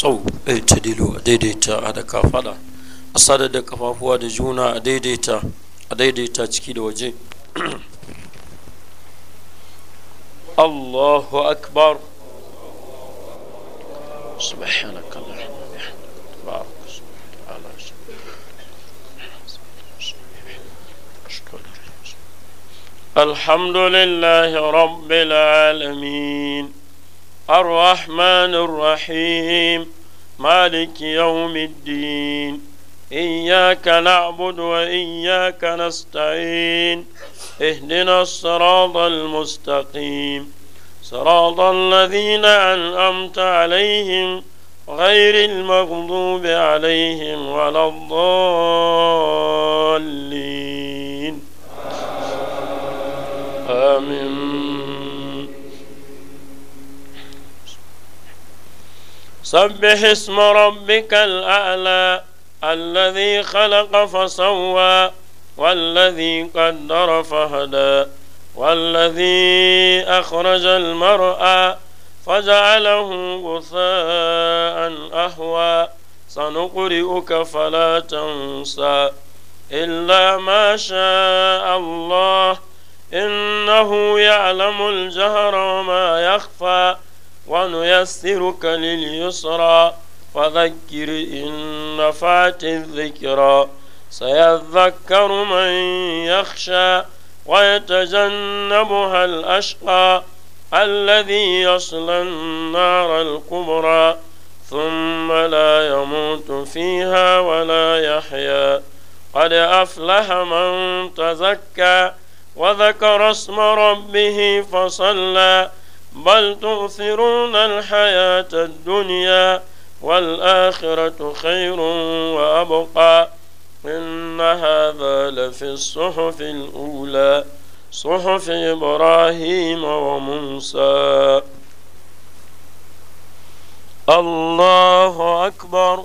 sau tadilu a daidaita a da kafada a sadar da kafafuwa da juna a daidaita a daidaita ciki da waje allahu akbar سبحانك اللهم وبحمدك تبارك اسمك على الحمد لله رب العالمين الرحمن الرحيم مالك يوم الدين إياك نعبد وإياك نستعين اهدنا الصراط المستقيم صراط الذين أنأمت عليهم غير المغضوب عليهم ولا الضالين آمين سبح اسم ربك الأعلى الذي خلق فسوى والذي قدر فهدى والذي أخرج المرأى فجعله غثاء أهوى سنقرئك فلا تنسى إلا ما شاء الله إنه يعلم الجهر وما يخفى ونيسرك لليسرى فذكر إن نفعت الذكرى سيذكر من يخشى ويتجنبها الأشقى الذي يصلى النار الكبرى ثم لا يموت فيها ولا يحيا قد أفلح من تزكى وذكر اسم ربه فصلى بل تؤثرون الحياة الدنيا والآخرة خير وأبقى إن هذا لفي الصحف الأولى صحف إبراهيم وموسى الله أكبر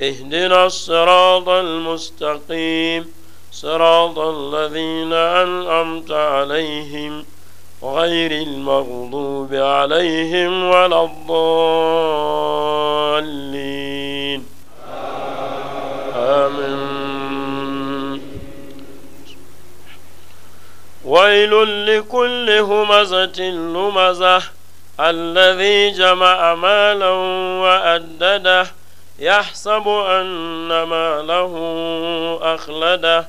اهدنا الصراط المستقيم صراط الذين أنعمت عليهم غير المغضوب عليهم ولا الضالين آمين ويل لكل همزة لمزة الذي جمع مالا وأدده يحسب أن ما له أخلده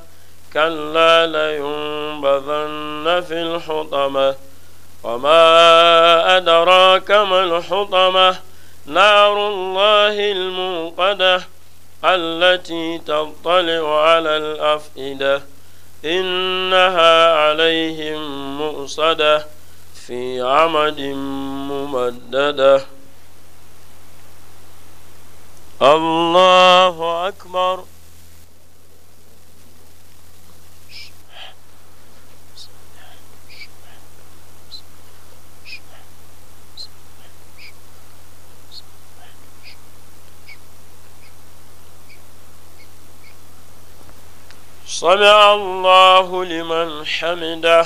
كلا لينبذن في الحطمة وما أدراك ما الحطمة نار الله الموقدة التي تطلع على الأفئدة إنها عليهم مؤصدة في عمد ممدده الله أكبر صلى الله لمن حمده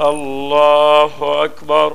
الله أكبر